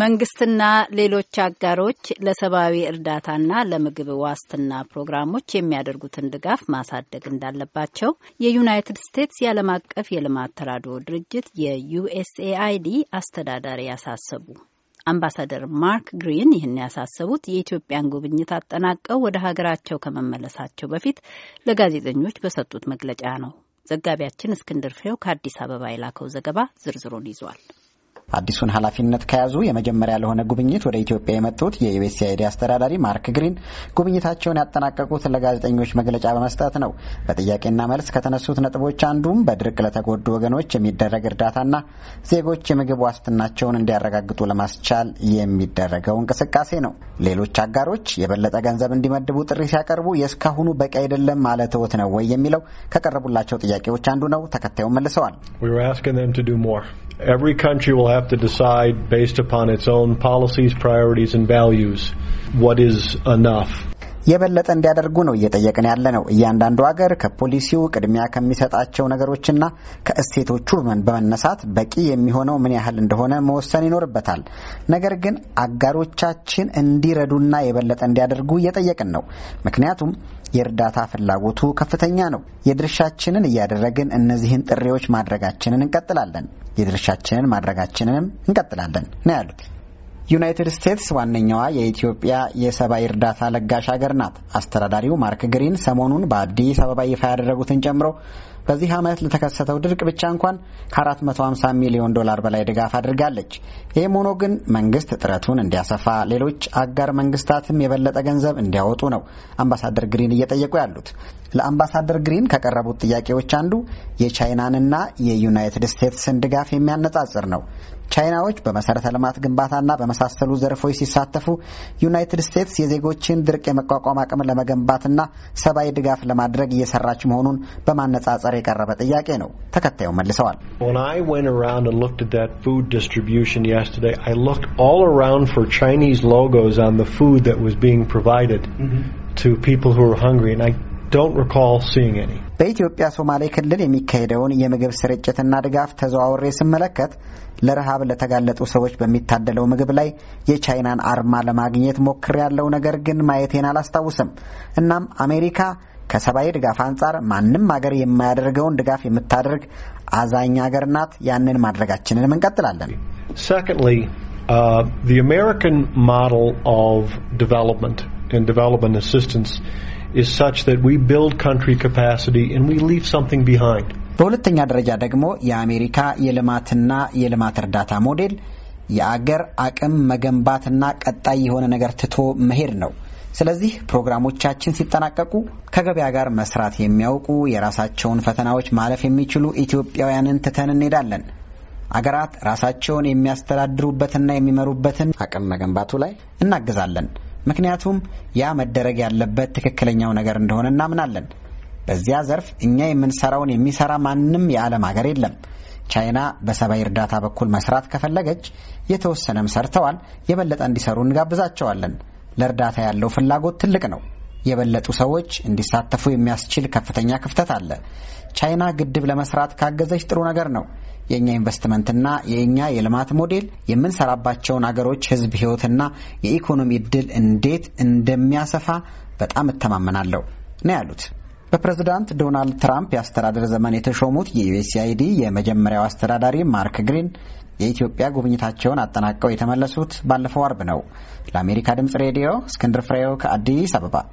መንግስትና ሌሎች አጋሮች ለሰብአዊ እርዳታና ለምግብ ዋስትና ፕሮግራሞች የሚያደርጉትን ድጋፍ ማሳደግ እንዳለባቸው የዩናይትድ ስቴትስ የዓለም አቀፍ የልማት ተራድኦ ድርጅት የዩኤስኤአይዲ አስተዳዳሪ ያሳሰቡ። አምባሳደር ማርክ ግሪን ይህን ያሳሰቡት የኢትዮጵያን ጉብኝት አጠናቀው ወደ ሀገራቸው ከመመለሳቸው በፊት ለጋዜጠኞች በሰጡት መግለጫ ነው። ዘጋቢያችን እስክንድር ፍሬው ከአዲስ አበባ የላከው ዘገባ ዝርዝሩን ይዟል። አዲሱን ኃላፊነት ከያዙ የመጀመሪያ ለሆነ ጉብኝት ወደ ኢትዮጵያ የመጡት የዩኤስአይዲ አስተዳዳሪ ማርክ ግሪን ጉብኝታቸውን ያጠናቀቁት ለጋዜጠኞች መግለጫ በመስጠት ነው። በጥያቄና መልስ ከተነሱት ነጥቦች አንዱም በድርቅ ለተጎዱ ወገኖች የሚደረግ እርዳታና ዜጎች የምግብ ዋስትናቸውን እንዲያረጋግጡ ለማስቻል የሚደረገው እንቅስቃሴ ነው። ሌሎች አጋሮች የበለጠ ገንዘብ እንዲመድቡ ጥሪ ሲያቀርቡ የእስካሁኑ በቂ አይደለም ማለትዎት ነው ወይ የሚለው ከቀረቡላቸው ጥያቄዎች አንዱ ነው። ተከታዩን መልሰዋል። have to decide based upon its own policies, priorities, and values what is enough. የበለጠ እንዲያደርጉ ነው እየጠየቅን ያለ ነው። እያንዳንዱ ሀገር ከፖሊሲው ቅድሚያ ከሚሰጣቸው ነገሮችና ከእሴቶቹ በመነሳት በቂ የሚሆነው ምን ያህል እንደሆነ መወሰን ይኖርበታል። ነገር ግን አጋሮቻችን እንዲረዱና የበለጠ እንዲያደርጉ እየጠየቅን ነው። ምክንያቱም የእርዳታ ፍላጎቱ ከፍተኛ ነው። የድርሻችንን እያደረግን እነዚህን ጥሪዎች ማድረጋችንን እንቀጥላለን። የድርሻችንን ማድረጋችንንም እንቀጥላለን ነው ያሉት። ዩናይትድ ስቴትስ ዋነኛዋ የኢትዮጵያ የሰብአዊ እርዳታ ለጋሽ ሀገር ናት። አስተዳዳሪው ማርክ ግሪን ሰሞኑን በአዲስ አበባ ይፋ ያደረጉትን ጨምሮ በዚህ ዓመት ለተከሰተው ድርቅ ብቻ እንኳን ከ450 ሚሊዮን ዶላር በላይ ድጋፍ አድርጋለች። ይህም ሆኖ ግን መንግስት ጥረቱን እንዲያሰፋ፣ ሌሎች አጋር መንግስታትም የበለጠ ገንዘብ እንዲያወጡ ነው አምባሳደር ግሪን እየጠየቁ ያሉት። ለአምባሳደር ግሪን ከቀረቡት ጥያቄዎች አንዱ የቻይናንና የዩናይትድ ስቴትስን ድጋፍ የሚያነጻጽር ነው። ቻይናዎች በመሰረተ ልማት ግንባታና በመሳሰሉ ዘርፎች ሲሳተፉ፣ ዩናይትድ ስቴትስ የዜጎችን ድርቅ የመቋቋም አቅም ለመገንባትና ሰብአዊ ድጋፍ ለማድረግ እየሰራች መሆኑን በማነጻጸር የቀረበ ጥያቄ ነው። ተከታዩ መልሰዋል። Chinese logos on the mm-hmm. to people who hungry, and I don't recall seeing any. በኢትዮጵያ ሶማሌ ክልል የሚካሄደውን የምግብ ስርጭትና ድጋፍ ተዘዋውሬ ስመለከት ለረሃብ ለተጋለጡ ሰዎች በሚታደለው ምግብ ላይ የቻይናን አርማ ለማግኘት ሞክር ያለው ነገር ግን ማየቴን አላስታውስም። እናም አሜሪካ ከሰብአዊ ድጋፍ አንጻር ማንም አገር የማያደርገውን ድጋፍ የምታደርግ አዛኝ ሀገር ናት። ያንን ማድረጋችንንም እንቀጥላለን። Secondly, uh, the American model of development and development assistance is such that we build country capacity and we leave something behind. በሁለተኛ ደረጃ ደግሞ የአሜሪካ የልማትና የልማት እርዳታ ሞዴል የአገር አቅም መገንባትና ቀጣይ የሆነ ነገር ትቶ መሄድ ነው። ስለዚህ ፕሮግራሞቻችን ሲጠናቀቁ ከገበያ ጋር መስራት የሚያውቁ የራሳቸውን ፈተናዎች ማለፍ የሚችሉ ኢትዮጵያውያንን ትተን እንሄዳለን። አገራት ራሳቸውን የሚያስተዳድሩበትና የሚመሩበትን አቅም መገንባቱ ላይ እናግዛለን። ምክንያቱም ያ መደረግ ያለበት ትክክለኛው ነገር እንደሆነ እናምናለን። በዚያ ዘርፍ እኛ የምንሰራውን የሚሰራ ማንም የዓለም ሀገር የለም። ቻይና በሰብአዊ እርዳታ በኩል መስራት ከፈለገች የተወሰነም ሰርተዋል። የበለጠ እንዲሰሩ እንጋብዛቸዋለን። ለእርዳታ ያለው ፍላጎት ትልቅ ነው። የበለጡ ሰዎች እንዲሳተፉ የሚያስችል ከፍተኛ ክፍተት አለ። ቻይና ግድብ ለመስራት ካገዘች ጥሩ ነገር ነው። የእኛ ኢንቨስትመንትና የእኛ የልማት ሞዴል የምንሰራባቸውን አገሮች ህዝብ ህይወትና የኢኮኖሚ እድል እንዴት እንደሚያሰፋ በጣም እተማመናለሁ ነው ያሉት። በፕሬዝዳንት ዶናልድ ትራምፕ የአስተዳደር ዘመን የተሾሙት የዩኤስአይዲ የመጀመሪያው አስተዳዳሪ ማርክ ግሪን የኢትዮጵያ ጉብኝታቸውን አጠናቀው የተመለሱት ባለፈው አርብ ነው። ለአሜሪካ ድምፅ ሬዲዮ እስክንድር ፍሬው ከአዲስ አበባ